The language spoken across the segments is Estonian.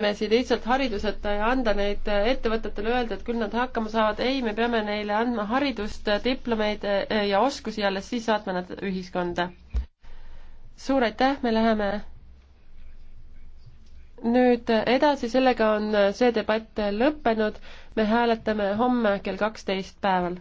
inimesi lihtsalt hariduseta ja anda neid ettevõtetele, öelda, et küll nad hakkama saavad, ei, me peame neile andma haridust, diplomeid eh, ja oskusi, alles siis saatma nad ühiskonda. suur aitäh, me läheme nüüd edasi, sellega on see debatt lõppenud, me hääletame homme kell kaksteist päeval.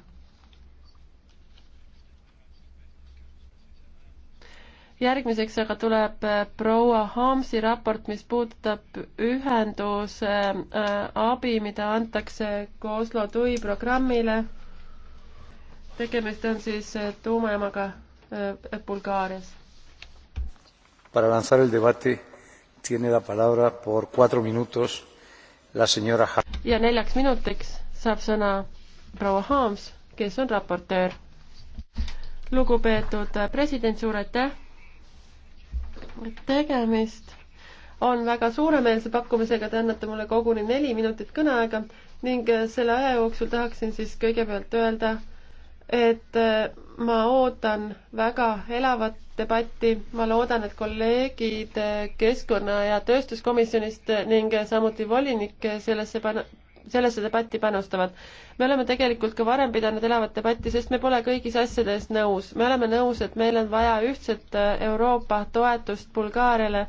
järgmiseks aga tuleb äh, proua Hamsi raport, mis puudutab ühenduse äh, abi, mida antakse Oslo TUI programmile. tegemist on siis äh, tuumajaamaga Bulgaarias. Para lanzar el debate tiene la palabra por cuatro minutos la señora ha ja neljaks minutiks saab sõna proua Haams, kes on raportöör. lugupeetud president, suur aitäh tegemist on väga suuremeelse pakkumisega, te annate mulle koguni neli minutit kõneaega ning äh, selle aja jooksul tahaksin siis kõigepealt öelda, et äh, ma ootan väga elavat debatti, ma loodan, et kolleegid äh, Keskkonna- ja Tööstuskomisjonist ning samuti volinik sellesse sellesse debatti panustavad. me oleme tegelikult ka varem pidanud elavat debatti, sest me pole kõigis asjades nõus. me oleme nõus, et meil on vaja ühtset äh, Euroopa toetust Bulgaariale,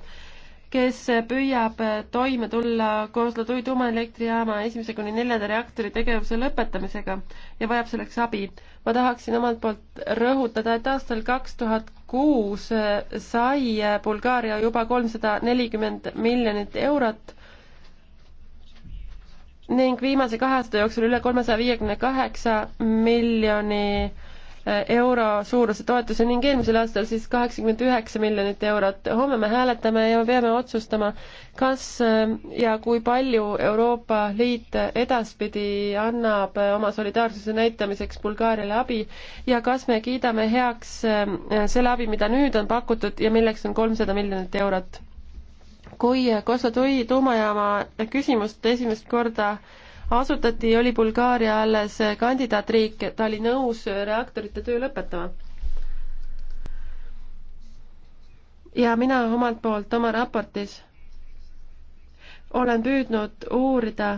kes püüab äh, toime tulla Kozlodui tuumaelektrijaama esimese kuni neljanda reaktori tegevuse lõpetamisega ja vajab selleks abi. ma tahaksin omalt poolt rõhutada, et aastal kaks tuhat kuus äh, sai Bulgaaria juba kolmsada nelikümmend miljonit eurot ning viimase kahe aasta jooksul üle kolmesaja viiekümne kaheksa miljoni eh, euro suuruse toetuse ning eelmisel aastal siis kaheksakümmend üheksa miljonit eurot. homme me hääletame ja me peame otsustama, kas eh, ja kui palju Euroopa Liit edaspidi annab eh, oma solidaarsuse näitamiseks Bulgaariale abi ja kas me kiidame heaks selle abi, mida nüüd on pakutud ja milleks on kolmsada miljonit eurot kui Kosodoi tuumajaama küsimust esimest korda asutati, oli Bulgaaria alles kandidaatriik, ta oli nõus reaktorite töö lõpetama. ja mina omalt poolt oma raportis olen püüdnud uurida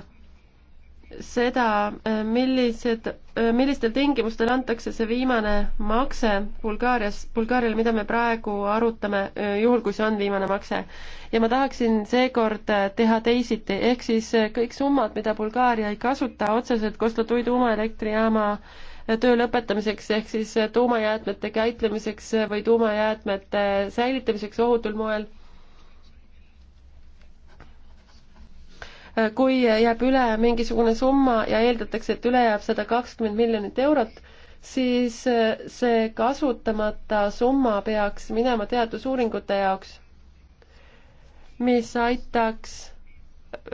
seda, äh, millised, äh, millistel tingimustel antakse see viimane makse Bulgaarias, Bulgaariale, mida me praegu arutame, äh, juhul kui see on viimane makse. ja ma tahaksin seekord teha teisiti, ehk siis kõik summad, mida Bulgaaria ei kasuta otseselt Kostlatui tuumaelektrijaama töö lõpetamiseks ehk siis tuumajäätmete käitlemiseks või tuumajäätmete säilitamiseks ohutul moel kui jääb üle mingisugune summa ja eeldatakse, et üle jääb sada kakskümmend miljonit eurot, siis äh, see kasutamata summa peaks minema teadusuuringute jaoks, mis aitaks,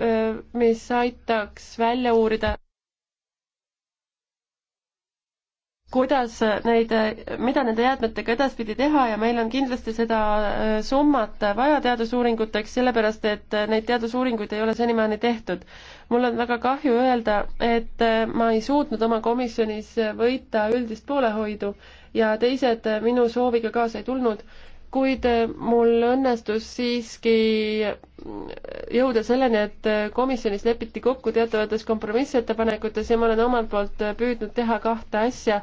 äh, mis aitaks välja uurida kuidas neid, mida nende jäätmetega edaspidi teha ja meil on kindlasti seda äh, summat vaja teadusuuringuteks, sellepärast et äh, neid teadusuuringuid ei ole senimaani tehtud. mul on väga kahju öelda, et äh, ma ei suutnud oma komisjonis võita üldist poolehoidu ja teised minu sooviga kaasa ei tulnud kuid äh, mul õnnestus siiski äh, jõuda selleni, et äh, komisjonis lepiti kokku teatavates kompromissettepanekutes ja ma olen omalt poolt püüdnud teha kahte asja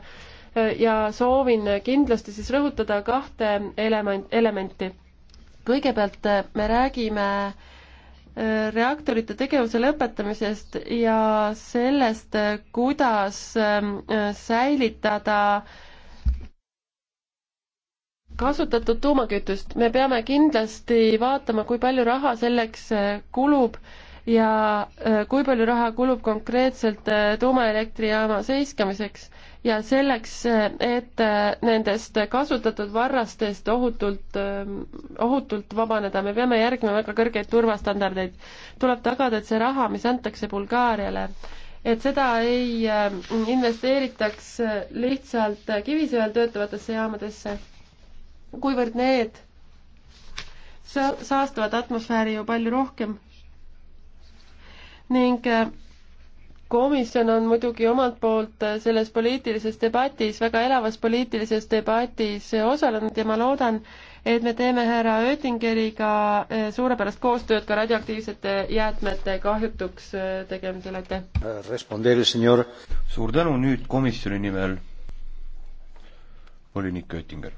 ja soovin kindlasti siis rõhutada kahte element, elementi. kõigepealt me räägime reaktorite tegevuse lõpetamisest ja sellest, kuidas ähm, säilitada äh, kasutatud tuumakütust, me peame kindlasti vaatama, kui palju raha selleks äh, kulub ja äh, kui palju raha kulub konkreetselt äh, tuumaelektrijaama seiskamiseks ja selleks, et nendest kasutatud varrastest ohutult, ohutult vabaneda, me peame järgima väga kõrgeid turvastandardeid. tuleb tagada, et see raha, mis antakse Bulgaariale, et seda ei investeeritaks lihtsalt kivisöel töötavatesse jaamadesse kuivõrd need saastavad atmosfääri ju palju rohkem. ning äh, komisjon on muidugi omalt poolt äh, selles poliitilises debatis, väga elavas poliitilises debatis äh, osalenud ja ma loodan, et me teeme härra Oettingeriga suurepärast koostööd ka radioaktiivsete jäätmete kahjutuks tegemisel, aitäh! suur tänu, nüüd komisjoni nimel volinik Oettinger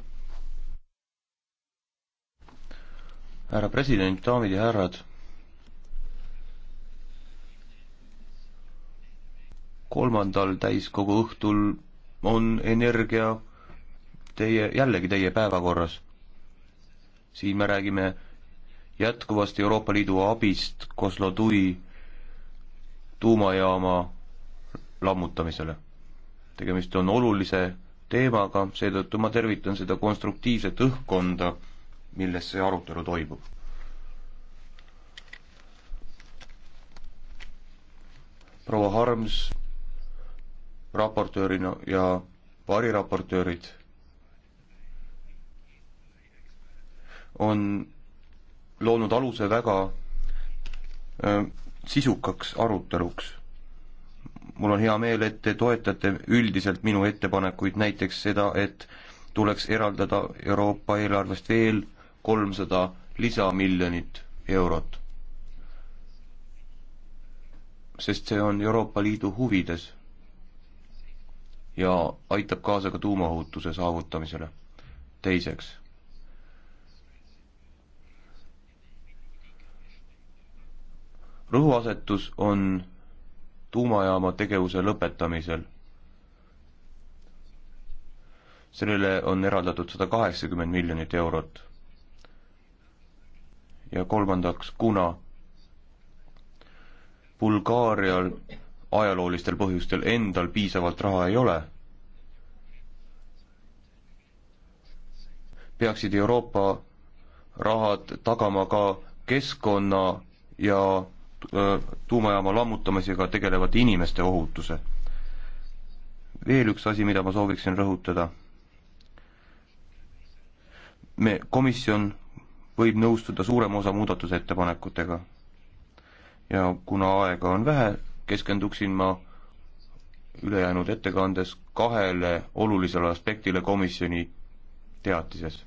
härra president, daamid ja härrad. kolmandal täiskogu õhtul on energia teie, jällegi teie päevakorras. siin me räägime jätkuvast Euroopa Liidu abist Kozlodui tuumajaama lammutamisele. tegemist on olulise teemaga, seetõttu ma tervitan seda konstruktiivset õhkkonda milles see arutelu toimub. proua Harms raportöörina ja variraportöörid on loonud aluse väga öö, sisukaks aruteluks. mul on hea meel, et te toetate üldiselt minu ettepanekuid, näiteks seda, et tuleks eraldada Euroopa eelarvest veel kolmsada lisamiljonit eurot. sest see on Euroopa Liidu huvides ja aitab kaasa ka tuumaohutuse saavutamisele. teiseks, rõhuasetus on tuumajaama tegevuse lõpetamisel. sellele on eraldatud sada kaheksakümmend miljonit eurot ja kolmandaks, kuna Bulgaarial ajaloolistel põhjustel endal piisavalt raha ei ole, peaksid Euroopa rahad tagama ka keskkonna ja tuumajaama lammutamisega tegelevate inimeste ohutuse. veel üks asi, mida ma sooviksin rõhutada. me, komisjon võib nõustuda suurema osa muudatusettepanekutega. ja kuna aega on vähe, keskenduksin ma ülejäänud ettekandes kahele olulisele aspektile komisjoni teatises.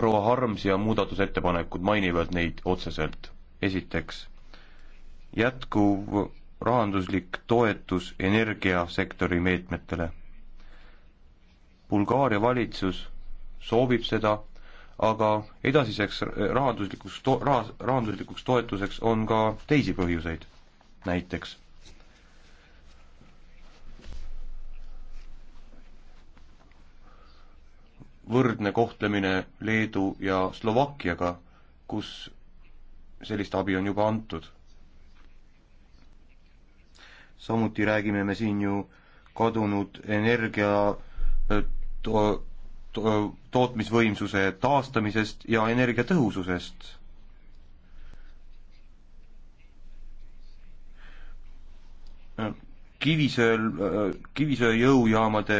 proua Harms ja muudatusettepanekud mainivad neid otseselt. esiteks, jätkuv rahanduslik toetus energiasektori meetmetele Bulgaaria valitsus soovib seda, aga edasiseks rahanduslikuks to-, raha, rahanduslikuks toetuseks on ka teisi põhjuseid, näiteks. võrdne kohtlemine Leedu ja Slovakkiaga, kus sellist abi on juba antud. samuti räägime me siin ju kadunud energia to-, to-, tootmisvõimsuse taastamisest ja energiatõhususest. kivisööl, kivisööjõujaamade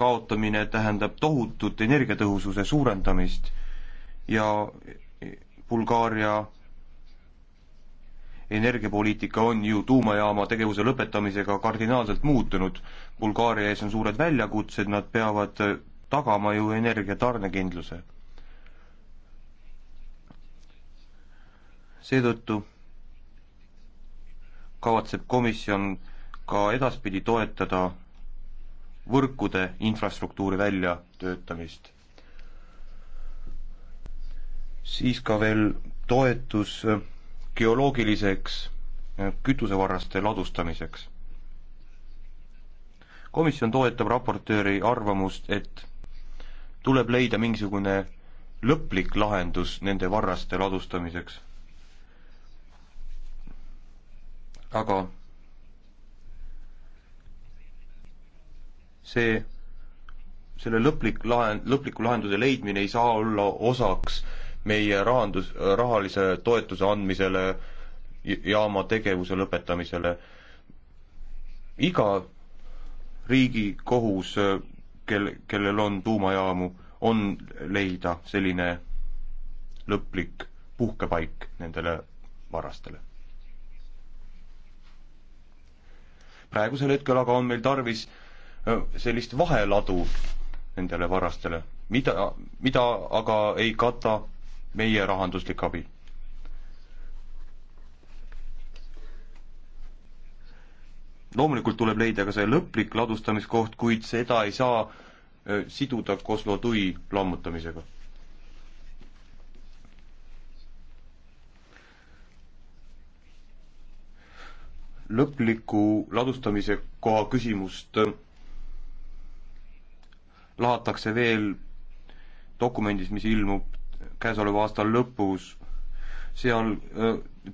kaotamine tähendab tohutut energiatõhususe suurendamist ja Bulgaaria energiapoliitika on ju tuumajaama tegevuse lõpetamisega kardinaalselt muutunud. Bulgaaria ees on suured väljakutsed, nad peavad tagama ju energia tarnekindluse. seetõttu kavatseb komisjon ka edaspidi toetada võrkude infrastruktuuri väljatöötamist. siis ka veel toetus geoloogiliseks äh, kütusevarraste ladustamiseks. komisjon toetab raportööri arvamust, et tuleb leida mingisugune lõplik lahendus nende varraste ladustamiseks. aga see, selle lõplik lahen-, lõpliku lahenduse leidmine ei saa olla osaks äh, meie rahandus, rahalise toetuse andmisele, jaama tegevuse lõpetamisele. iga riigikohus, kel, kellel on tuumajaamu, on leida selline lõplik puhkepaik nendele varastele. praegusel hetkel aga on meil tarvis äh, sellist vaheladu nendele varastele, mida, mida aga ei kata meie rahanduslik abi. loomulikult tuleb leida ka see lõplik ladustamiskoht, kuid seda ei saa siduda Kosmotui lammutamisega. lõpliku ladustamise koha küsimust lahatakse veel dokumendis, mis ilmub käesoleva aasta lõpus. seal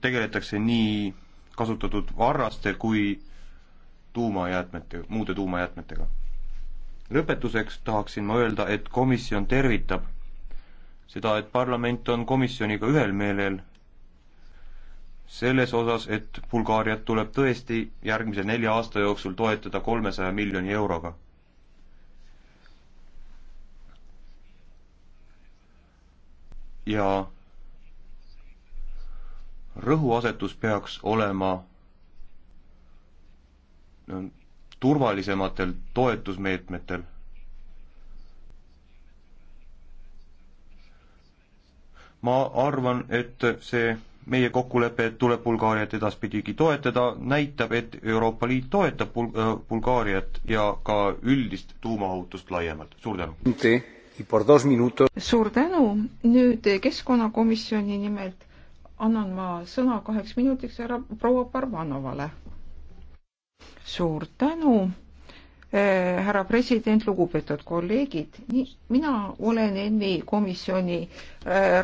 tegeletakse nii kasutatud varraste kui tuumajäätmete, muude tuumajäätmetega. lõpetuseks tahaksin ma öelda, et komisjon tervitab seda, et parlament on komisjoniga ühel meelel selles osas, et Bulgaariat tuleb tõesti järgmise nelja aasta jooksul toetada kolmesaja miljoni euroga ja rõhuasetus peaks olema turvalisematel toetusmeetmetel. ma arvan, et see meie kokkulepe, et tuleb Bulgaariat edaspidigi toetada, näitab, et Euroopa Liit toetab Bul-, Bulgaariat ja ka üldist tuumaohutust laiemalt, suur tänu! suur tänu, nüüd keskkonnakomisjoni nimelt annan ma sõna kaheks minutiks härra proua Parvanovale. suur tänu Äh, härra president, lugupeetud kolleegid, nii, mina olen ENMi komisjoni äh,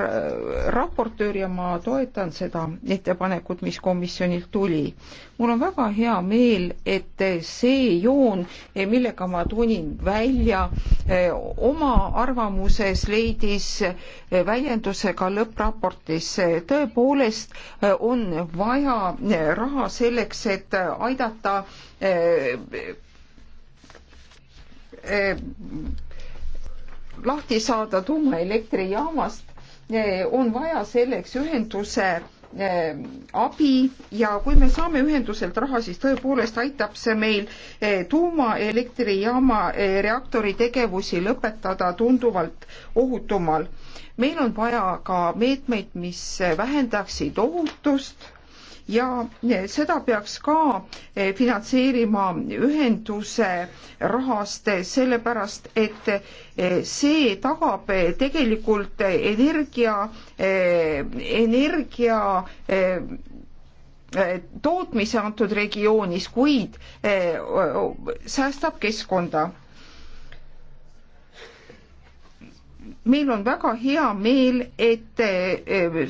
raportöör ja ma toetan seda ettepanekut, mis komisjonilt tuli. mul on väga hea meel, et see joon, eh, millega ma tulin välja eh, oma arvamuses, leidis eh, väljenduse ka lõppraportis. tõepoolest on vaja raha selleks, et aidata Eh, lahti saada tuumaelektrijaamast, eh, on vaja selleks ühenduse eh, abi ja kui me saame ühenduselt raha, siis tõepoolest aitab see meil tuumaelektrijaama reaktori tegevusi lõpetada tunduvalt ohutumal. meil on vaja ka meetmeid, mis vähendaksid ohutust ja seda peaks ka eh, finantseerima ühenduse rahast, eh, sellepärast et eh, see tagab tegelikult energia, energia tootmise antud regioonis, kuid säästab keskkonda meil on väga hea meel, et, eh,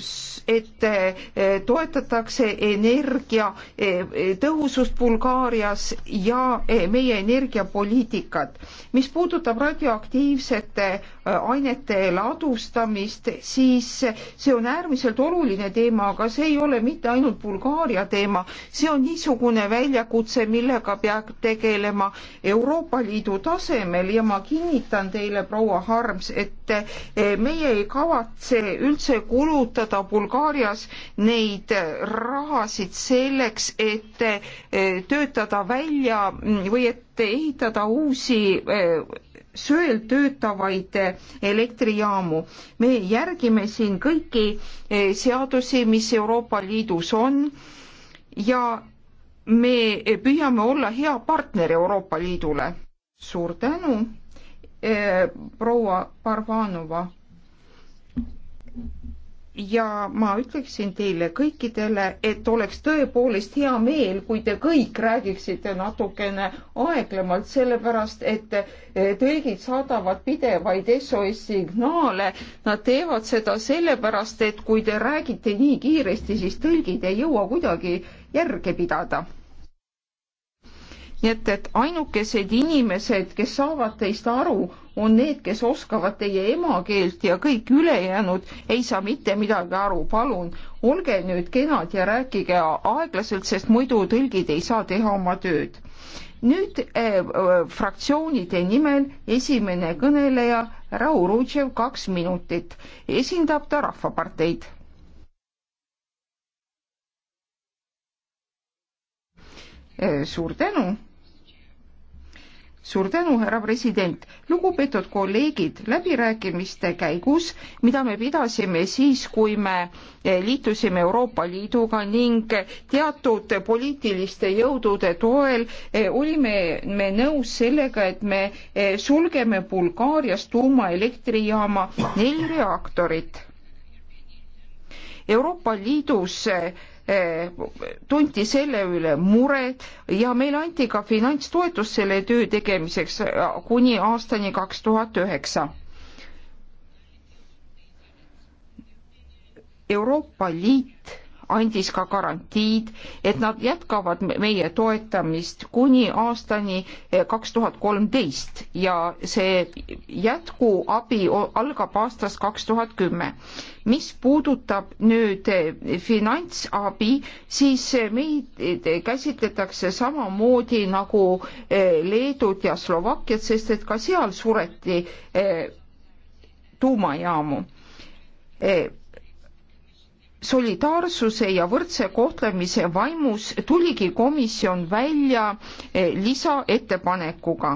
et eh, toetatakse energia eh, tõhusust Bulgaarias ja meie energiapoliitikat. mis puudutab radioaktiivsete ainete ladustamist, siis see on äärmiselt oluline teema, aga see ei ole mitte ainult Bulgaaria teema, see on niisugune väljakutse, millega peab tegelema Euroopa Liidu tasemel ja ma kinnitan teile, proua Harms, et Eh, meie ei kavatse üldse kulutada Bulgaarias neid eh, rahasid selleks, et eh, töötada välja mm, või et ehitada uusi sööl töötavaid elektrijaamu. me järgime siin kõiki seadusi, mis Euroopa Liidus on ja me püüame olla hea partner Euroopa Liidule. suur tänu Eh, proua Parvanova. ja ma ütleksin teile kõikidele, et oleks tõepoolest hea meel, kui te kõik räägiksite natukene aeglemalt, sellepärast et eh, tõlgid saadavad pidevaid SOS signaale. Nad teevad seda sellepärast, et kui te räägite nii kiiresti, siis tõlgid ei jõua kuidagi järge pidada nii et, et ainukesed inimesed, kes saavad teist aru, on need, kes oskavad teie emakeelt ja kõik ülejäänud ei saa mitte midagi aru. palun olge nüüd kenad ja rääkige aeglaselt, sest muidu tõlgid ei saa teha oma tööd. nüüd äh, fraktsioonide nimel esimene kõneleja, Raul Rutšev, kaks minutit, esindab ta Rahvaparteid eh, suur tänu suur tänu, härra president. lugupeetud kolleegid, läbirääkimiste käigus, mida me pidasime siis, kui me eh, liitusime Euroopa Liiduga ning teatud poliitiliste jõudude toel eh, olime me nõus sellega, et me eh, sulgeme Bulgaarias tuumaelektrijaama neli reaktorit. Euroopa Liidus Eh, tunti selle üle muret ja meile anti ka finantstoetus selle töö tegemiseks eh, kuni aastani kaks tuhat üheksa. Euroopa Liit andis ka garantiid, et nad jätkavad meie toetamist kuni aastani eh, kaks tuhat kolmteist ja see jätkuabi algab aastast kaks tuhat kümme. mis puudutab nüüd eh, finantsabi, siis eh, meid käsitletakse samamoodi nagu Leedut ja Slovakkiat, sest et ka seal sureti tuumajaamu solidaarsuse ja võrdse kohtlemise vaimus tuligi komisjon välja eh, lisaettepanekuga.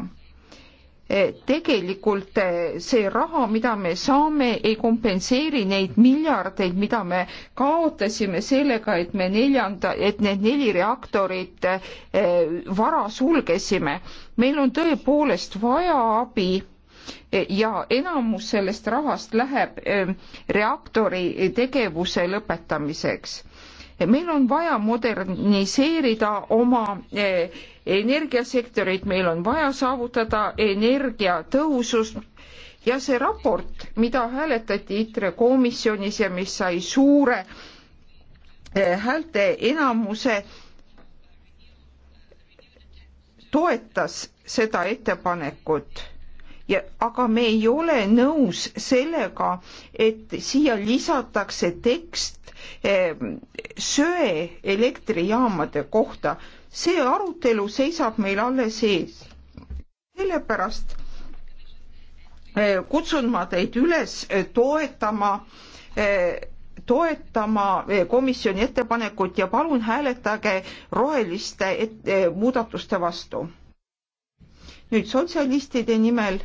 Eh, tegelikult eh, see raha, mida me saame, ei kompenseeri neid miljardeid, mida me kaotasime sellega, et me neljanda, et need neli reaktorit vara sulgesime. meil on tõepoolest vaja abi ja enamus sellest rahast läheb eh, reaktori tegevuse lõpetamiseks. meil on vaja moderniseerida oma eh, energiasektorit, meil on vaja saavutada energiatõhusus ja see raport, mida hääletati ITRE komisjonis ja mis sai suure eh, häälte enamuse toetas seda ettepanekut ja aga me ei ole nõus sellega, et siia lisatakse tekst eh, söe elektrijaamade kohta. see arutelu seisab meil alles ees. sellepärast eh, kutsun ma teid üles eh, toetama toetama komisjoni ettepanekut ja palun hääletage roheliste et, muudatuste vastu. nüüd sotsialistide nimel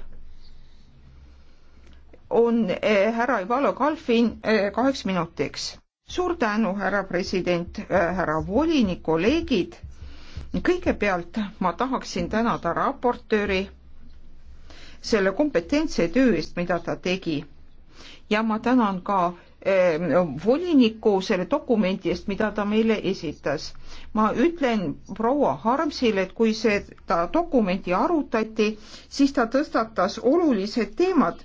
on eh, härra Ivalo Kalfin eh, kaheks minutiks. suur tänu, härra president, eh, härra volinik, kolleegid. kõigepealt ma tahaksin tänada raportööri selle kompetentse töö eest, mida ta tegi. ja ma tänan ka voliniku selle dokumendi eest, mida ta meile esitas. ma ütlen proua Harmsile, et kui seda dokumenti arutati, siis ta tõstatas olulised teemad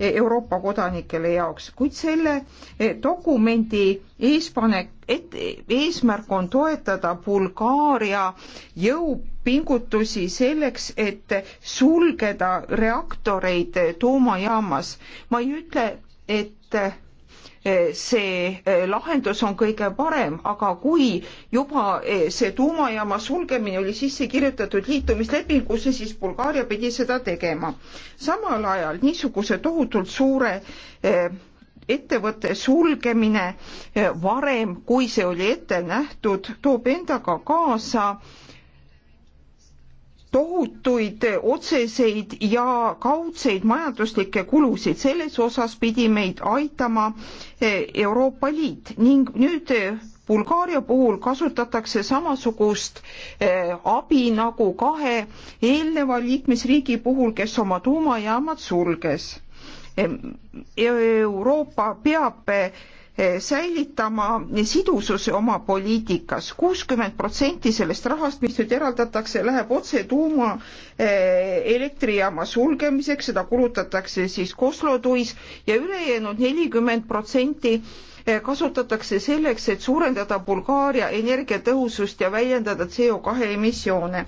E, Euroopa kodanikele jaoks, kuid selle e, dokumendi eespanek, et e, eesmärk on toetada Bulgaaria jõupingutusi selleks, et sulgeda reaktoreid tuumajaamas. ma ei ütle, et Eh, see eh, lahendus on kõige parem, aga kui juba eh, see tuumajaama sulgemine oli sisse kirjutatud liitumislepingusse, siis Bulgaaria pidi seda tegema. samal ajal niisuguse tohutult suure ettevõtte sulgemine varem, kui see oli ette nähtud, toob endaga kaasa äh, tohutuid otseseid ja kaudseid majanduslikke kulusid, selles osas pidi meid aitama eh, Euroopa Liit ning nüüd eh, Bulgaaria puhul kasutatakse samasugust eh, abi nagu kahe eelneva liikmesriigi puhul, kes oma tuumajaamad sulges. Euroopa peab Eh, säilitama sidususe oma poliitikas. kuuskümmend protsenti sellest rahast, mis nüüd eraldatakse, läheb otse tuumaelektrijaama eh, sulgemiseks, seda kulutatakse siis Kosloduis ja ülejäänud nelikümmend protsenti Eh, kasutatakse selleks, et suurendada Bulgaaria energiatõhusust ja väljendada CO2 emissioone.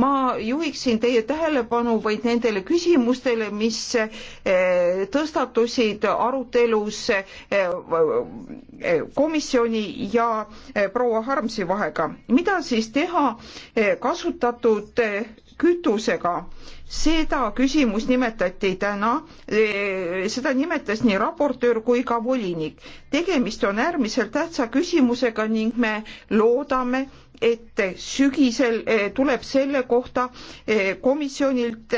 ma juhiksin teie tähelepanu vaid nendele küsimustele, mis eh, tõstatusid arutelus eh, komisjoni ja proua Harmsi vahega. mida siis teha kasutatud kütusega. seda küsimust nimetati täna, e, seda nimetas nii raportöör kui ka volinik. tegemist on äärmiselt tähtsa küsimusega ning me loodame, et sügisel e, tuleb selle kohta e, komisjonilt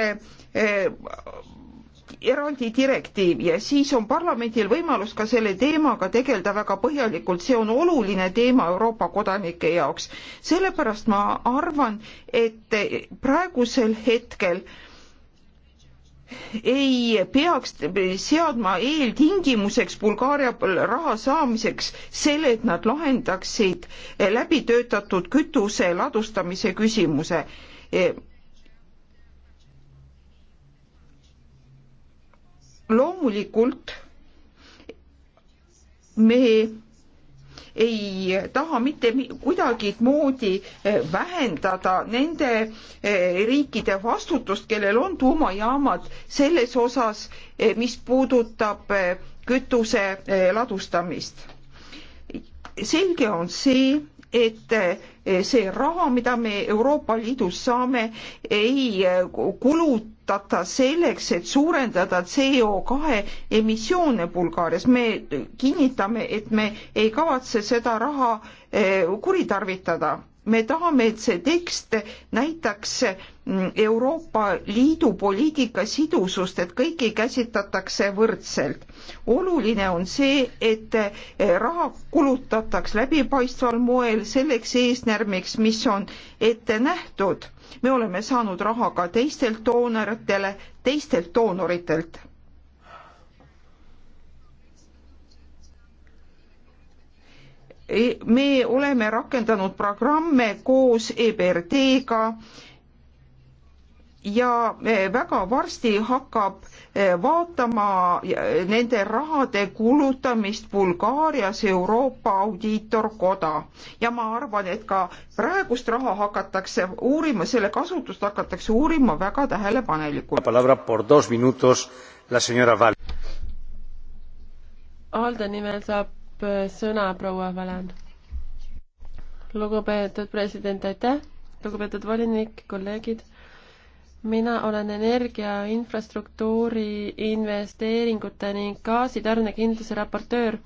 eraldi direktiiv ja siis on parlamendil võimalus ka selle teemaga tegeleda väga põhjalikult, see on oluline teema Euroopa kodanike jaoks. sellepärast ma arvan, et praegusel hetkel ei peaks seadma eeltingimuseks Bulgaaria raha saamiseks selle, et nad lahendaksid läbitöötatud kütuse ladustamise küsimuse loomulikult me ei taha mitte kuidagimoodi eh, vähendada nende eh, riikide vastutust, kellel on tuumajaamad selles osas, eh, mis puudutab kütuse ladustamist. selge on see, et eh, see raha, mida me Euroopa Liidus saame, ei eh, kulutata selleks, et suurendada CO2 emissioone Bulgaarias. me kinnitame, et me ei kavatse seda raha eh, kuritarvitada me tahame, et see tekst näitaks mm, Euroopa Liidu poliitika sidusust, et kõiki käsitletakse võrdselt. oluline on see, et eh, raha kulutataks läbipaistval moel selleks eesmärgiks, mis on ette nähtud. me oleme saanud raha ka teistelt doonoritele, teistelt doonoritelt E, me oleme rakendanud programme koos EBRD-ga ja e, väga varsti hakkab e, vaatama nende rahade kulutamist Bulgaarias Euroopa Audiitorkoda ja ma arvan, et ka praegust raha hakatakse uurima, selle kasutust hakatakse uurima väga tähelepanelikult. Alde nimel saab saab äh, sõna proua Valand. lugupeetud president, aitäh, lugupeetud volinik, kolleegid mina olen energia infrastruktuuri investeeringute ning gaasitarnekindluse raportöör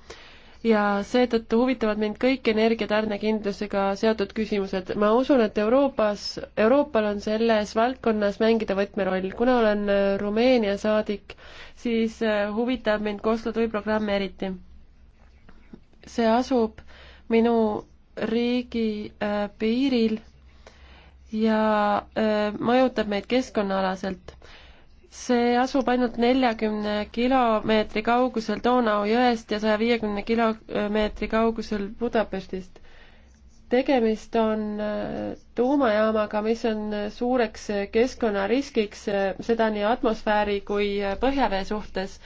ja seetõttu huvitavad mind kõik energiatarnekindlusega seotud küsimused. ma usun, et Euroopas, Euroopal on selles valdkonnas mängida võtmeroll. kuna olen Rumeenia saadik, siis äh, huvitab mind Koslo tui programm eriti see asub minu riigi äh, piiril ja äh, mõjutab meid keskkonnaalaselt. see asub ainult neljakümne kilomeetri kaugusel Donau jõest ja saja viiekümne kilomeetri kaugusel Budapestist. tegemist on äh, tuumajaamaga, mis on suureks keskkonnariskiks, seda nii atmosfääri kui põhjavee suhtes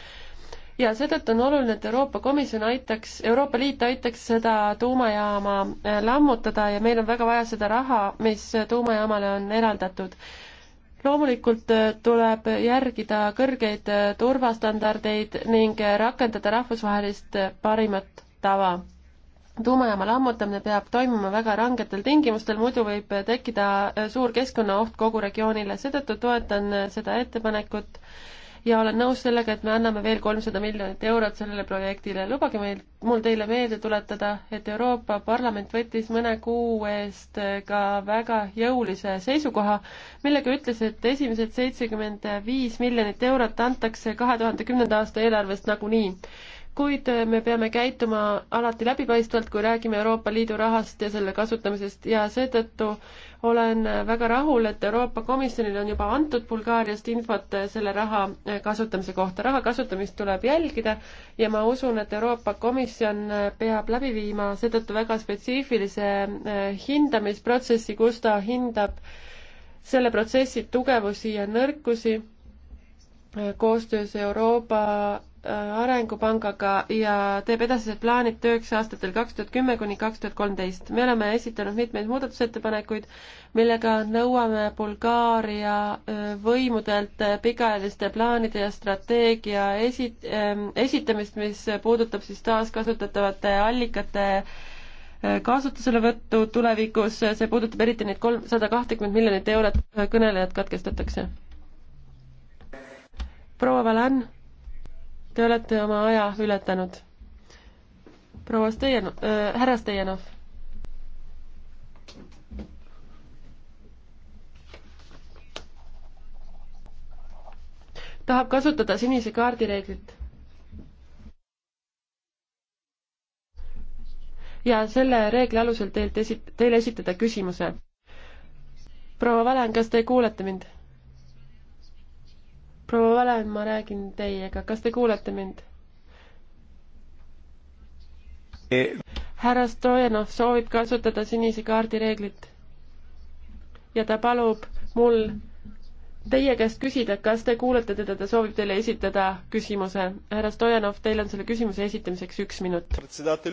ja seetõttu on oluline, et Euroopa Komisjon aitaks, Euroopa Liit aitaks seda tuumajaama äh, lammutada ja meil on väga vaja seda raha, mis tuumajaamale on eraldatud. loomulikult äh, tuleb järgida kõrgeid äh, turvastandardeid ning rakendada rahvusvahelist parimat tava. tuumajaama lammutamine peab toimuma väga rangetel tingimustel, muidu võib tekkida suur keskkonnaoht kogu regioonile, seetõttu toetan seda ettepanekut ja olen nõus sellega, et me anname veel kolmsada miljonit eurot sellele projektile. lubage meil, mul teile meelde tuletada, et Euroopa Parlament võttis mõne kuu eest ka väga jõulise seisukoha, millega ütles, et esimesed seitsekümmend viis miljonit eurot antakse kahe tuhande kümnenda aasta eelarvest nagunii kuid äh, me peame käituma alati läbipaistvalt, kui räägime Euroopa Liidu rahast ja selle kasutamisest ja seetõttu olen äh, väga rahul, et Euroopa Komisjonile on juba antud Bulgaariast infot äh, selle raha kasutamise kohta. raha kasutamist tuleb jälgida ja ma usun, et Euroopa Komisjon peab läbi viima seetõttu väga spetsiifilise hindamisprotsessi, kus ta hindab selle protsessi tugevusi ja nõrkusi koostöös Euroopa Äh, Arengupangaga ja teeb edasised plaanid tööks aastatel kaks tuhat kümme kuni kaks tuhat kolmteist. me oleme esitanud mitmeid muudatusettepanekuid, millega nõuame Bulgaaria äh, võimudelt äh, pikaajaliste plaanide ja strateegia esi-, ähm, esitamist, mis puudutab siis taaskasutatavate allikate kasutuselevõttu tulevikus, see puudutab eriti neid kolmsada kahtekümmet miljonit eurot, kõnelejad katkestatakse. proua Valan Te olete oma aja ületanud. proua Stejanov äh,, härra Stejanov. tahab kasutada sinise kaardi reeglit. ja selle reegli alusel teilt esi-, teile esitada küsimuse. proua Valen, kas te kuulete mind? proua Valen, ma räägin teiega, kas te kuulete mind? härra Stojanov soovib kasutada sinise kaardi reeglit ja ta palub mul teie käest küsida, kas te kuulete teda, ta soovib teile esitada küsimuse. härra Stojanov, teil on selle küsimuse esitamiseks üks minut.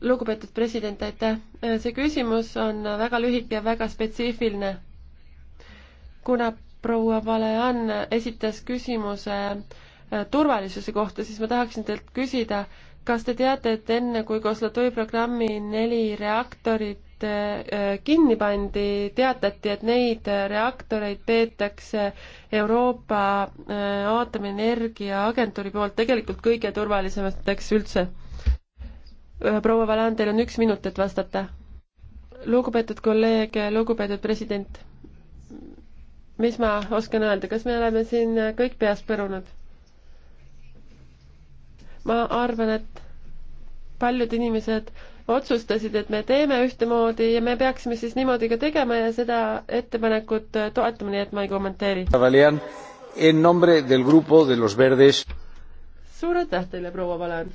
lugupeetud president, aitäh. see küsimus on väga lühike ja väga spetsiifiline. kuna proua Valean esitas küsimuse äh, turvalisuse kohta, siis ma tahaksin teilt küsida, kas te teate, et enne, kui Kozlotõi programmi neli reaktorit äh, äh, kinni pandi, teatati, et neid reaktoreid peetakse Euroopa Aatomienergia Agentuuri poolt tegelikult kõige turvalisemateks üldse. proua Valan, teil on üks minut, et vastata. lugupeetud kolleeg, lugupeetud president mis ma oskan öelda, kas me oleme siin kõik peast põrunud? ma arvan, et paljud inimesed otsustasid, et me teeme ühtemoodi ja me peaksime siis niimoodi ka tegema ja seda ettepanekut toetama, nii et ma ei kommenteeri. suur aitäh teile, proua Valen!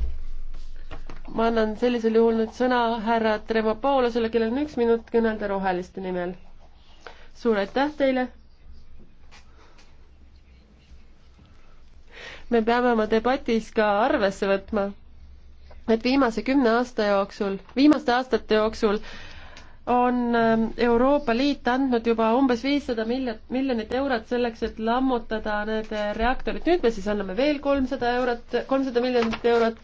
ma annan sellisel juhul nüüd sõna härra Tremopoulosele, kellel on üks minut kõnelda roheliste nimel. suur aitäh teile! me peame oma debatis ka arvesse võtma, et viimase kümne aasta jooksul, viimaste aastate jooksul on ähm, Euroopa Liit andnud juba umbes viissada miljonit, miljonit eurot selleks, et lammutada need äh, reaktorid. nüüd me siis anname veel kolmsada eurot, kolmsada miljonit eurot,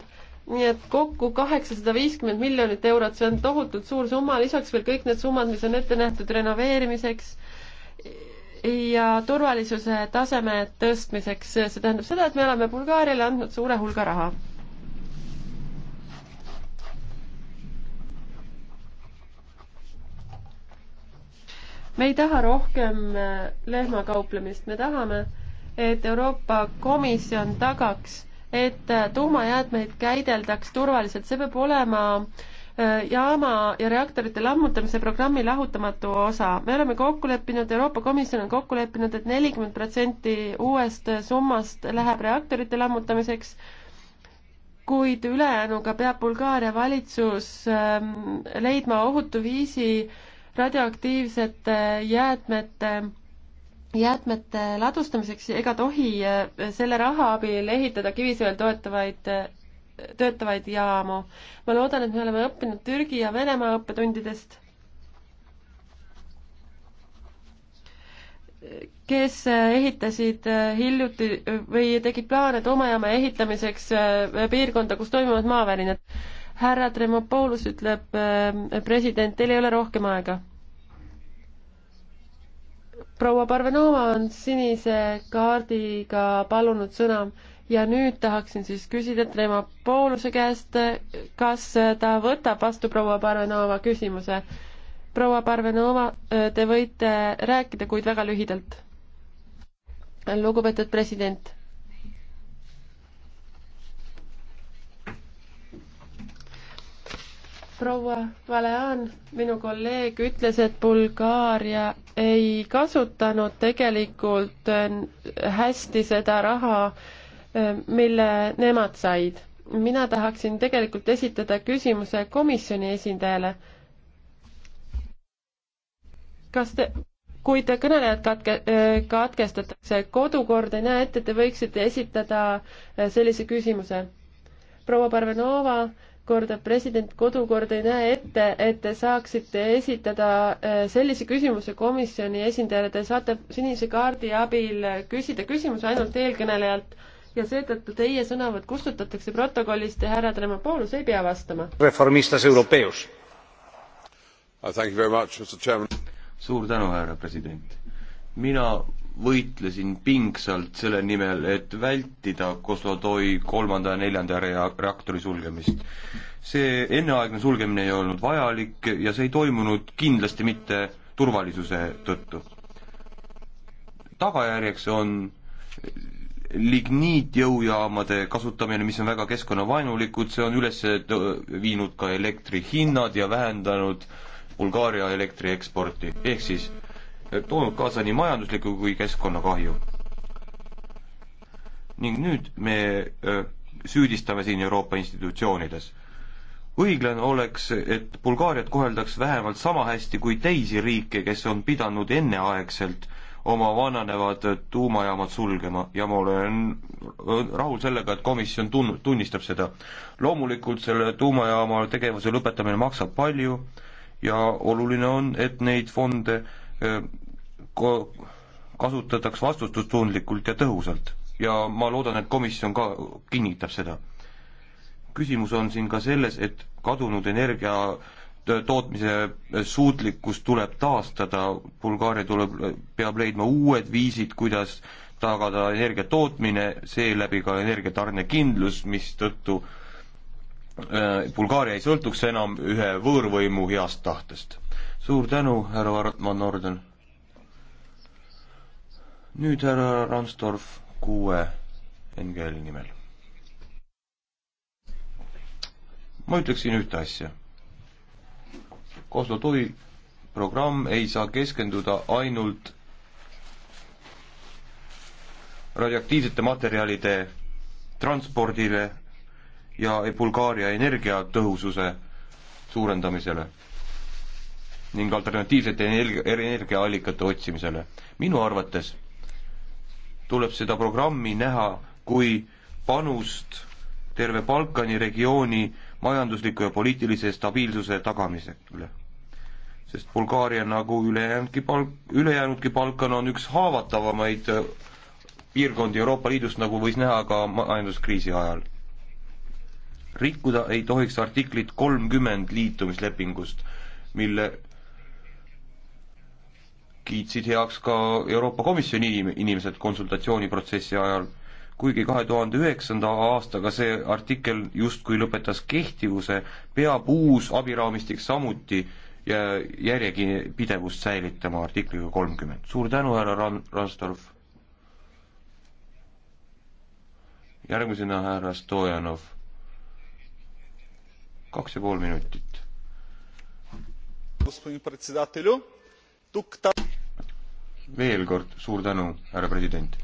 nii et kokku kaheksasada viiskümmend miljonit eurot, see on tohutult suur summa, lisaks veel kõik need summad, mis on ette nähtud renoveerimiseks ja turvalisuse taseme tõstmiseks, see tähendab seda, et me oleme Bulgaariale andnud suure hulga raha. me ei taha rohkem eh, lehmakauplemist, me tahame, et Euroopa Komisjon tagaks, et eh, tuumajäätmeid käideldaks turvaliselt, see peab olema äh, Äh, jaama ja reaktorite lammutamise programmi lahutamatu osa. me oleme kokku leppinud, Euroopa Komisjon on kokku leppinud et, et nelikümmend protsenti uuest summast läheb reaktorite lammutamiseks, kuid ülejäänuga peab Bulgaaria valitsus ähm, leidma ohutu viisi radioaktiivsete jäätmete jäätmete ladustamiseks ega tohi äh, selle raha abil ehitada kivisöel toetavaid äh, töötavaid jaamu. ma loodan, et me oleme õppinud Türgi ja Venemaa õppetundidest, kes äh, ehitasid äh, hiljuti äh, või tegid plaane tuumajaama ehitamiseks piirkonda, kus toimuvad maavärinad. härra Tremopoulos ütleb, president, teil ei ole rohkem aega proua Parvenova on sinise kaardiga palunud sõna ja nüüd tahaksin siis küsida Trema Pooluse käest, kas ta võtab vastu proua Parvenova küsimuse. proua Parvenova, te võite rääkida, kuid väga lühidalt. lugupeetud president. proua Valean, minu kolleeg ütles, et Bulgaaria ei kasutanud tegelikult äh, hästi seda raha äh, mille nemad said. mina tahaksin tegelikult esitada küsimuse komisjoni esindajale. kas te, kui te kõnelejad katke, katkestatakse, kodukord ei näe ette, te võiksite esitada äh, sellise küsimuse. proua Parvenova, kordab president, kodukord ei näe ette, et te saaksite esitada äh, sellise küsimuse komisjoni esindajale, te saate sinise kaardi abil äh, küsida küsimuse ainult eelkõnelejalt ja seetõttu teie sõnavõtt kustutatakse protokollist ja härra Tremopoulos ei pea vastama. Uh, suur tänu, härra president. mina võitlesin pingsalt selle nimel, et vältida Koslodoi kolmanda ja neljanda rea-, reaktori sulgemist. see enneaegne sulgemine ei olnud vajalik ja see ei toimunud kindlasti mitte turvalisuse tõttu. tagajärjeks on ligniitjõujaamade kasutamine, mis on väga keskkonnavaenulikud, see on üles viinud ka elektri hinnad ja vähendanud Bulgaaria elektri eksporti, ehk siis eh, toonud kaasa nii majanduslikku kui keskkonnakahju. ning nüüd me eh, süüdistame siin Euroopa institutsioonides. õiglane oleks, et Bulgaariat koheldaks vähemalt sama hästi kui teisi riike, kes on pidanud enneaegselt oma vananevad tuumajaamad sulgema ja ma olen rahul sellega, et komisjon tun-, tunnistab seda. loomulikult selle tuumajaama tegevuse lõpetamine maksab palju ja oluline on, et neid fonde eh, ko-, kasutataks vastutustundlikult ja tõhusalt. ja ma loodan, et komisjon ka kinnitab seda. küsimus on siin ka selles, et kadunud energia äh, Äh, tootmise äh, suutlikkus tuleb taastada, Bulgaaria tuleb, äh, peab leidma uued viisid, kuidas tagada energia tootmine, seeläbi ka energiatarnekindlus, mistõttu Bulgaaria ei sõltuks enam ühe võõrvõimu heast tahtest. suur tänu, härra Artman Norden. nüüd härra Ransdorf kuue NGL-i nimel. ma ütleksin ühte asja Oslo Tui programm ei saa keskenduda ainult radioaktiivsete materjalide transpordile ja Bulgaaria energiatõhususe suurendamisele ning alternatiivsete energia, energiaallikate otsimisele. minu arvates tuleb seda programmi näha kui panust terve Balkani regiooni majandusliku ja poliitilise stabiilsuse tagamisele sest Bulgaaria nagu ülejäänudki palk, ülejäänudki Balkan on üks haavatavamaid äh, piirkondi Euroopa Liidust, nagu võis näha ka majanduskriisi ajal. rikkuda ei tohiks artiklit kolmkümmend liitumislepingust, mille kiitsid heaks ka Euroopa Komisjoni inim-, inimesed konsultatsiooniprotsessi ajal, kuigi kahe tuhande üheksanda aastaga see artikkel justkui lõpetas kehtivuse, peab uus abiraamistik samuti äh, ja järjepidevust säilitama artikliga kolmkümmend. suur tänu, härra Ran-, Ransdorf. järgmisena härra Stojanov. kaks ja pool minutit. veel kord suur tänu, härra president.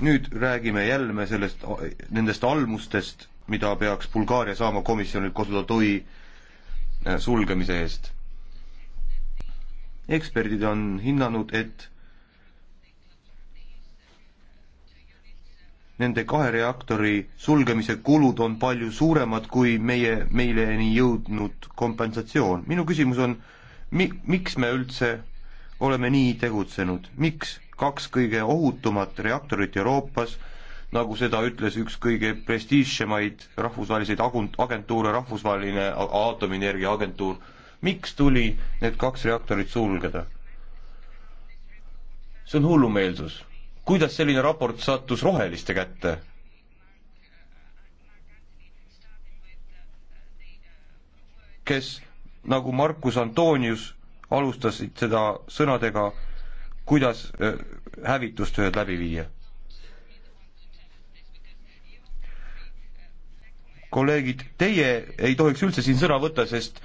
nüüd räägime jälle sellest, nendest almustest mida peaks Bulgaaria saama komisjonilt Kozlodoi äh, sulgemise eest. eksperdid on hinnanud, et nende kahe reaktori sulgemise kulud on palju suuremad kui meie, meileni jõudnud kompensatsioon. minu küsimus on, mi-, miks me üldse oleme nii tegutsenud, miks kaks kõige ohutumat reaktorit Euroopas nagu seda ütles üks kõige prestiižsemaid rahvusvaheliseid agentuure, rahvusvaheline aatomienergia agentuur. miks tuli need kaks reaktorit sulgeda? see on hullumeelsus. kuidas selline raport sattus roheliste kätte? kes nagu Markus Antonius alustasid seda sõnadega, kuidas äh, hävitust läbi viia kolleegid, teie ei tohiks üldse siin sõna võtta, sest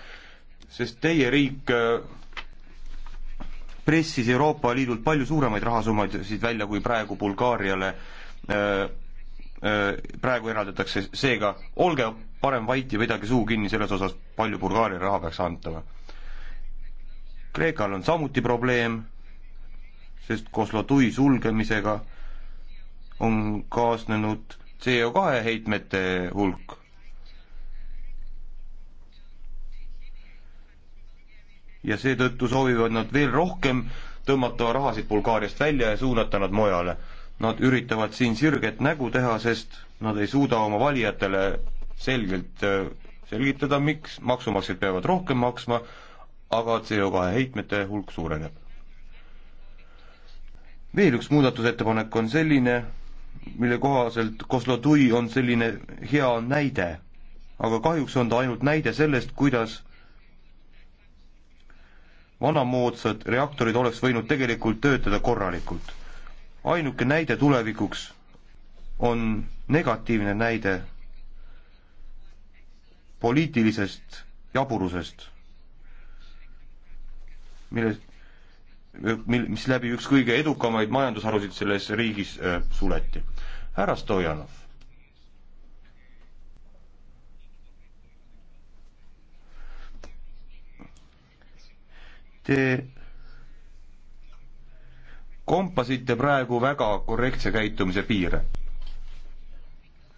sest teie riik äh, pressis Euroopa Liidult palju suuremaid rahasummasid välja, kui praegu Bulgaariale äh, äh, praegu eraldatakse, seega olge parem vait ja pidage suu kinni selles osas, palju Bulgaaria raha peaks antama. Kreekal on samuti probleem, sest Koslotui sulgemisega on kaasnenud CO2 heitmete hulk ja seetõttu soovivad nad veel rohkem tõmmata rahasid Bulgaariast välja ja suunata nad mujale. Nad üritavad siin sirget nägu teha, sest nad ei suuda oma valijatele selgelt äh, selgitada, miks maksumaksjad peavad rohkem maksma, aga CO2 heitmete hulk suureneb. veel üks muudatusettepanek on selline, mille kohaselt Kozlodui on selline hea näide, aga kahjuks on ta ainult näide sellest, kuidas vanamoodsad reaktorid oleks võinud tegelikult töötada korralikult. ainuke näide tulevikuks on negatiivne näide poliitilisest jaburusest, milles, mil, mis läbi üks kõige edukamaid majandusharusid selles riigis äh, suleti. härra Stojanov Te kompasite praegu väga korrektse käitumise piire.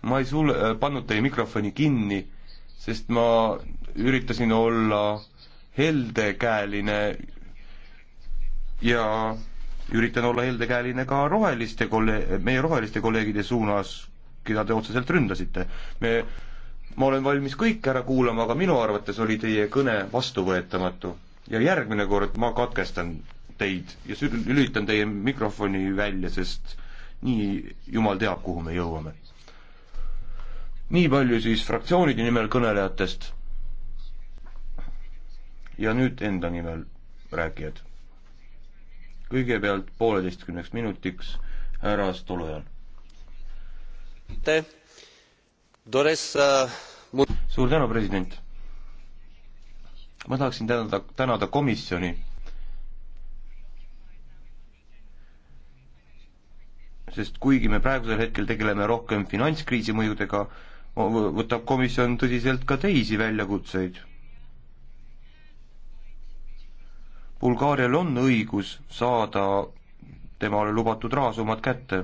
ma ei sul-, pannud teie mikrofoni kinni, sest ma üritasin olla heldekäeline ja üritan olla heldekäeline ka roheliste kolle-, meie roheliste kolleegide suunas, keda te otseselt ründasite. me, ma olen valmis kõik ära kuulama, aga minu arvates oli teie kõne vastuvõetamatu ja järgmine kord ma katkestan teid ja lülitan teie mikrofoni välja, sest nii jumal teab, kuhu me jõuame. nii palju siis fraktsioonide nimel kõnelejatest ja nüüd enda nimel rääkijad. kõigepealt pooleteistkümneks minutiks härra Stolojan. Äh, suur tänu, president ma tahaksin tänada, tänada komisjoni, sest kuigi me praegusel hetkel tegeleme rohkem finantskriisi mõjudega, võtab komisjon tõsiselt ka teisi väljakutseid. Bulgaarial on õigus saada temale lubatud rahasummad kätte,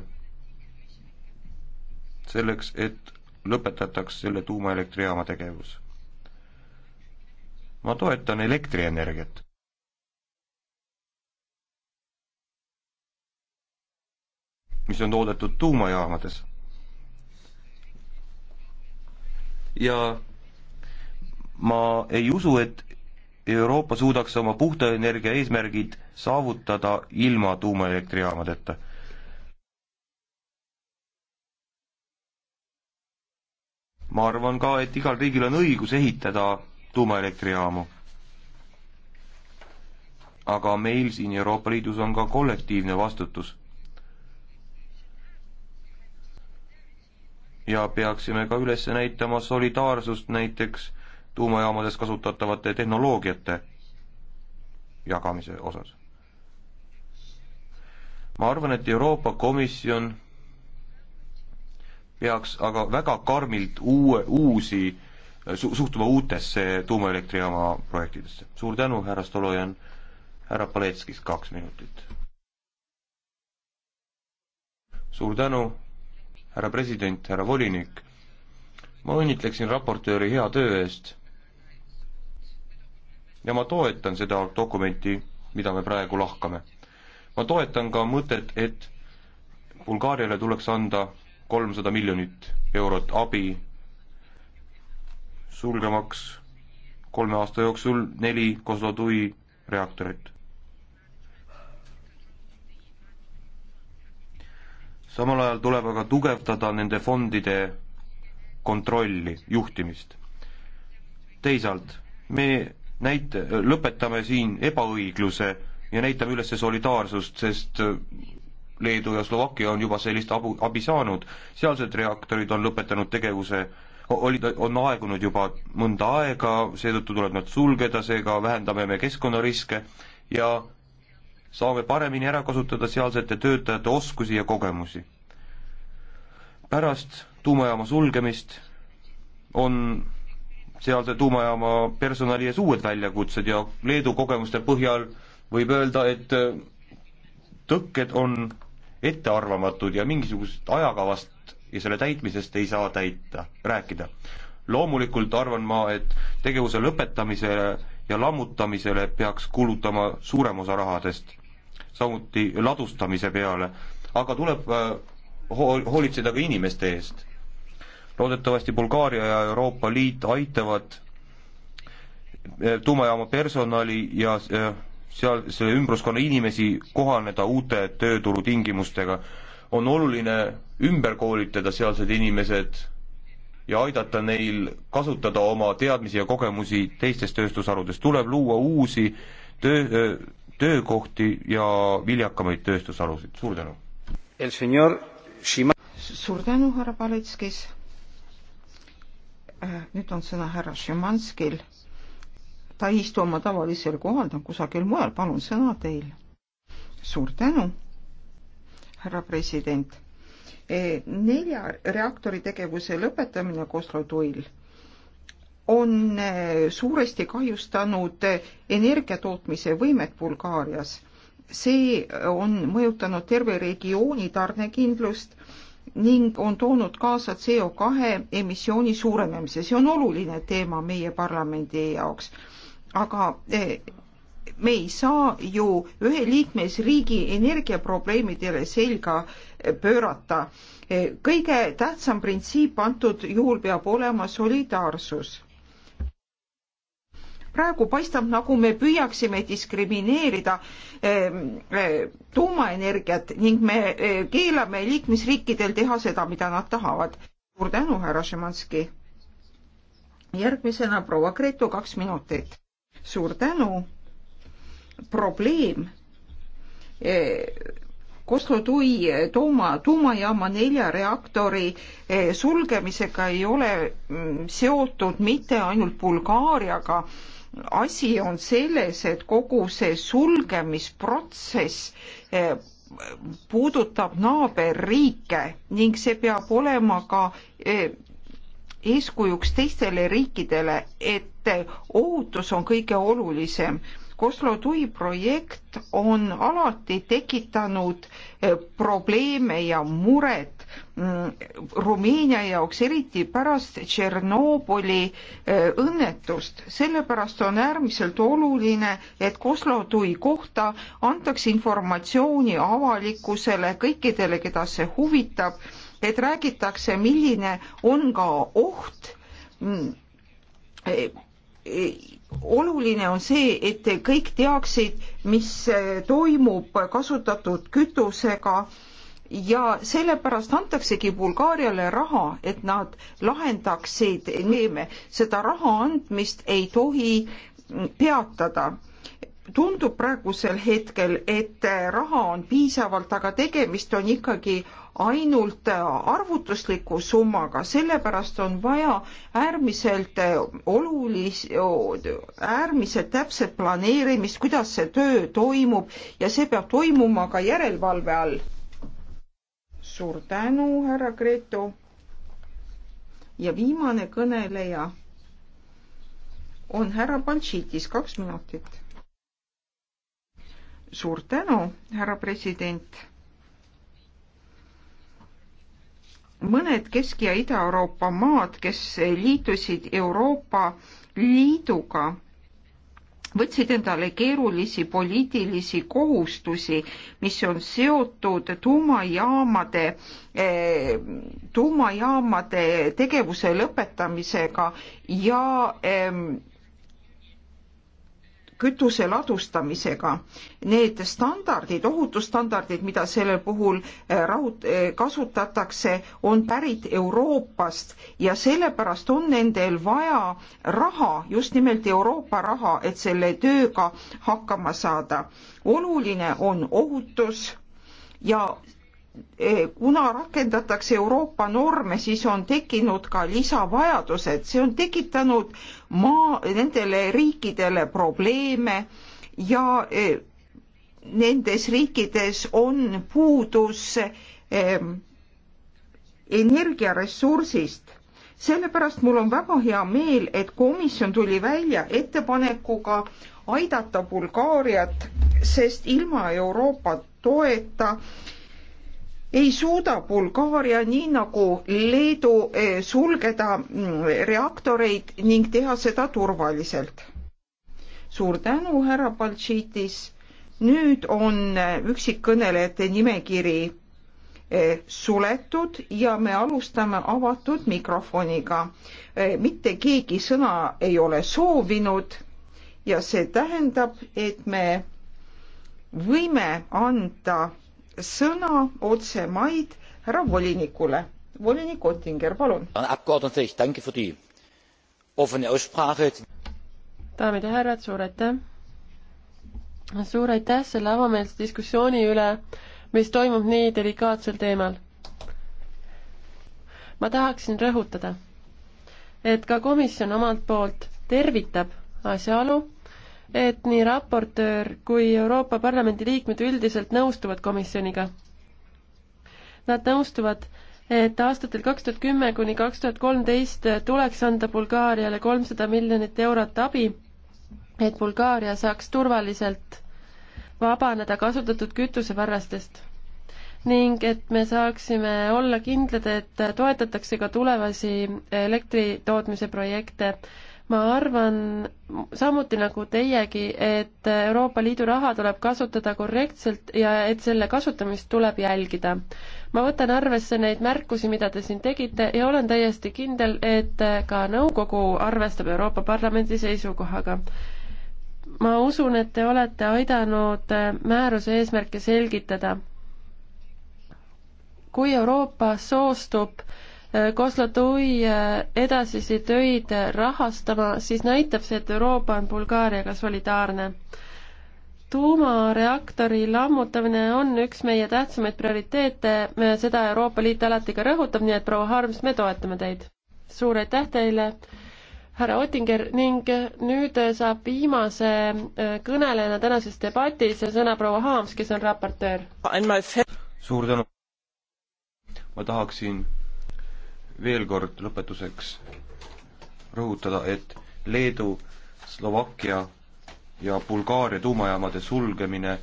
selleks et lõpetataks selle tuumaelektrijaama tegevus ma toetan elektrienergiat. mis on toodetud tuumajaamades. ja ma ei usu, et Euroopa suudaks oma puhta energia eesmärgid saavutada ilma tuumaelektrijaamadeta ma arvan ka, et igal riigil on õigus ehitada tuumaelektrijaamu. aga meil siin Euroopa Liidus on ka kollektiivne vastutus. ja peaksime ka üles näitama solidaarsust näiteks tuumajaamades kasutatavate tehnoloogiate jagamise osas. ma arvan, et Euroopa Komisjon peaks aga väga karmilt uue, uusi Äh, su-, suhtuma uutesse tuumaelektrijaama projektidesse. suur tänu, härra Stolojan, härra Paletskis kaks minutit. suur tänu, härra president, härra volinik, ma õnnitleksin raportööri hea töö eest ja ma toetan seda dokumenti, mida me praegu lahkame. ma toetan ka mõtet, et Bulgaariale tuleks anda kolmsada miljonit eurot abi sulgemaks kolme aasta jooksul neli Kozlodui reaktorit. samal ajal tuleb aga tugevdada nende fondide kontrolli, juhtimist. teisalt, me näit-, lõpetame siin ebaõigluse ja näitame üles solidaarsust, sest Leedu ja Slovakkia on juba sellist abu, abi saanud, sealsed reaktorid on lõpetanud tegevuse olid, on aegunud juba mõnda aega, seetõttu tuleb nad sulgeda, seega vähendame me keskkonnariske ja saame paremini ära kasutada sealsete töötajate oskusi ja kogemusi. pärast tuumajaama sulgemist on sealse tuumajaama personali ees uued väljakutsed ja Leedu kogemuste põhjal võib öelda, et tõkked on ettearvamatud ja mingisugust ajakavast ja selle täitmisest ei saa täita, rääkida. loomulikult arvan ma, et tegevuse lõpetamisele ja lammutamisele peaks kulutama suurem osa rahadest, samuti ladustamise peale, aga tuleb äh, ho-, hoolitseda ka inimeste eest. loodetavasti Bulgaaria ja Euroopa Liit aitavad äh, tuumajaama personali ja äh, seal selle ümbruskonna inimesi kohaneda uute tööturutingimustega. on oluline ümber koolitada sealsed inimesed ja aidata neil kasutada oma teadmisi ja kogemusi teistes tööstusharudes, tuleb luua uusi töö, töökohti ja viljakamaid tööstusharusid, suur tänu! suur tänu, härra Paletskis! Äh, nüüd on sõna härra Šimanskil. ta ei istu oma tavalisel kohal, ta on kusagil mujal, palun sõna teil. suur tänu, härra president nelja reaktori tegevuse lõpetamine Kosloduil on eh, suuresti kahjustanud eh, energiatootmise võimet Bulgaarias. see on mõjutanud terve regiooni tarnekindlust ning on toonud kaasa CO2 emissiooni suurenemise. see on oluline teema meie parlamendi jaoks. aga eh, me ei saa ju ühe liikmesriigi energiaprobleemidele selga eh, pöörata. Eh, kõige tähtsam printsiip antud juhul peab olema solidaarsus. praegu paistab, nagu me püüaksime diskrimineerida ehm, eh, tuumaenergiat ning me keelame liikmesriikidel teha seda, mida nad tahavad. suur tänu, härra Šimanski. järgmisena proua Gretu, kaks minutit. suur tänu probleem Koslodui tuuma, tuumajaama nelja reaktori eh, sulgemisega ei ole mm, seotud mitte ainult Bulgaariaga, asi on selles, et kogu see sulgemisprotsess eh, puudutab naaberriike ning see peab olema ka eh, eeskujuks teistele riikidele, et ohutus on kõige olulisem Oslo tui projekt on alati tekitanud eh, probleeme ja muret mm, Rumeenia jaoks, eriti pärast Tšernobõli eh, õnnetust. sellepärast on äärmiselt oluline, et Oslo tui kohta antakse informatsiooni avalikkusele, kõikidele, keda see huvitab, et räägitakse, milline on ka oht mm, eh, oluline on see, et kõik teaksid, mis toimub kasutatud kütusega ja sellepärast antaksegi Bulgaariale raha, et nad lahendaksid neeme. seda raha andmist ei tohi peatada. tundub praegusel hetkel, et raha on piisavalt, aga tegemist on ikkagi ainult arvutusliku summaga, sellepärast on vaja äärmiselt olulis-, äärmiselt täpset planeerimist, kuidas see töö toimub ja see peab toimuma ka järelevalve all. suur tänu, härra Gretu. ja viimane kõneleja on härra Baltšiitis, kaks minutit. suur tänu, härra president mõned Kesk- ja Ida-Euroopa maad, kes liitusid Euroopa Liiduga, võtsid endale keerulisi poliitilisi kohustusi, mis on seotud tuumajaamade, eh, tuumajaamade tegevuse lõpetamisega ja kütuse ladustamisega. Need standardid, ohutusstandardid, mida sellel puhul eh, rahut-, eh, kasutatakse, on pärit Euroopast ja sellepärast on nendel vaja raha, just nimelt Euroopa raha, et selle tööga hakkama saada. oluline on ohutus ja eh, kuna rakendatakse Euroopa norme, siis on tekkinud ka lisavajadused, see on tekitanud maa, nendele riikidele probleeme ja e, nendes riikides on puudus e, energiaressursist sellepärast mul on väga hea meel, et komisjon tuli välja ettepanekuga aidata Bulgaariat, sest ilma Euroopa toeta ei suuda Bulgaaria nii nagu Leedu eh, sulgeda mm, reaktoreid ning teha seda turvaliselt. suur tänu, härra Baltšiitis. nüüd on eh, üksikkõnelejate nimekiri eh, suletud ja me alustame avatud mikrofoniga. mitte keegi sõna ei ole soovinud ja see tähendab, et me võime anda sõna otse maid härra volinikule. volinik Ottinger, palun. daamid ja härrad, suur aitäh! suur aitäh selle avameelse diskussiooni üle, mis toimub nii delikaatsel teemal. ma tahaksin rõhutada, et ka komisjon omalt poolt tervitab asjaolu, et nii raportöör kui Euroopa Parlamendi liikmed üldiselt nõustuvad komisjoniga. Nad nõustuvad, et aastatel kaks tuhat kümme kuni kaks tuhat kolmteist tuleks anda Bulgaariale kolmsada miljonit eurot abi, et Bulgaaria saaks turvaliselt vabaneda kasutatud kütusevarrastest ning et me saaksime olla kindlad, et toetatakse ka tulevasi elektritootmise projekte ma arvan samuti nagu teiegi, et Euroopa Liidu raha tuleb kasutada korrektselt ja et selle kasutamist tuleb jälgida. ma võtan arvesse neid märkusi, mida te siin tegite ja olen täiesti kindel, et ka nõukogu arvestab Euroopa Parlamendi seisukohaga. ma usun, et te olete aidanud määruse eesmärke selgitada. kui Euroopa soostub Koslatui eh, edasisi töid rahastama, siis näitab see, et Euroopa on Bulgaariaga solidaarne. tuumareaktori lammutamine on üks meie tähtsamaid prioriteete, seda Euroopa Liit alati ka rõhutab, nii et proua Harms, me toetame teid. suur aitäh teile, härra Ottinger, ning nüüd saab viimase eh, kõnelejana tänases debatis sõna proua Haams, kes on raportöör. suur tänu. ma tahaksin veel kord lõpetuseks rõhutada, et Leedu, Slovakkia ja Bulgaaria tuumajaamade sulgemine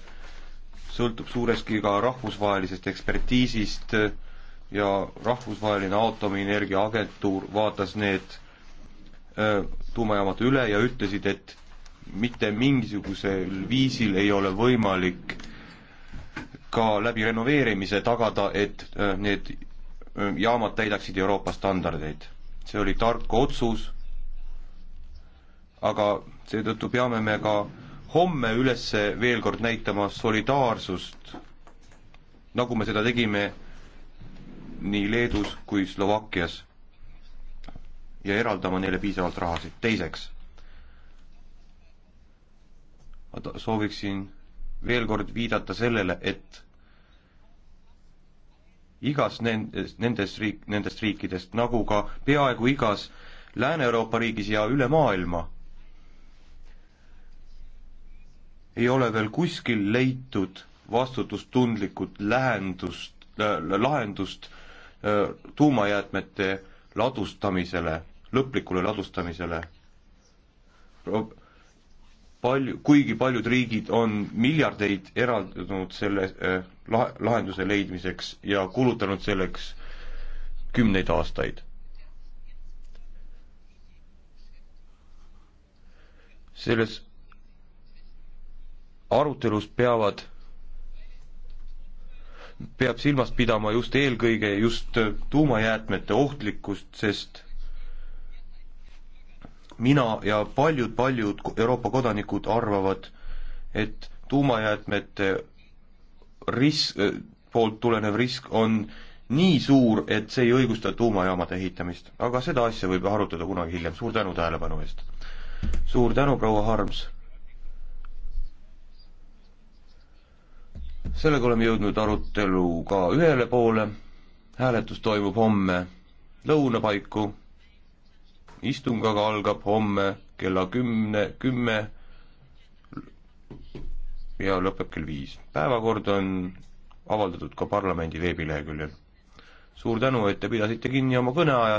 sõltub suureski ka rahvusvahelisest ekspertiisist ja rahvusvaheline aatomienergia agentuur vaatas need äh, tuumajaamad üle ja ütlesid, et mitte mingisugusel viisil ei ole võimalik ka läbi renoveerimise tagada, et äh, need jaamad täidaksid Euroopa standardeid. see oli tark otsus, aga seetõttu peame me ka homme üles veel kord näitama solidaarsust, nagu me seda tegime nii Leedus kui Slovakkias ja eraldama neile piisavalt rahasid. teiseks, ma sooviksin veel kord viidata sellele, et igas nendes, nendes riik, nendest riikidest, nagu ka peaaegu igas Lääne-Euroopa riigis ja üle maailma ei ole veel kuskil leitud vastutustundlikud lähendust, äh, lahendust äh, tuumajäätmete ladustamisele, lõplikule ladustamisele. palju, kuigi paljud riigid on miljardeid eraldanud selle äh, lah-, lahenduse leidmiseks ja kulutanud selleks kümneid aastaid. selles arutelus peavad, peab silmas pidama just eelkõige just tuumajäätmete ohtlikkust, sest mina ja paljud-paljud Euroopa kodanikud arvavad, et tuumajäätmete risk, eh, poolt tulenev risk on nii suur, et see ei õigusta tuumajaamade ehitamist. aga seda asja võib arutada kunagi hiljem, suur tänu tähelepanu eest! suur tänu, proua Harms! sellega oleme jõudnud aruteluga ühele poole, hääletus toimub homme lõuna paiku, istung aga algab homme kella kümne, kümme ja lõpeb kell viis. päevakord on avaldatud ka parlamendi veebileheküljel. suur tänu, et te pidasite kinni oma kõneajast.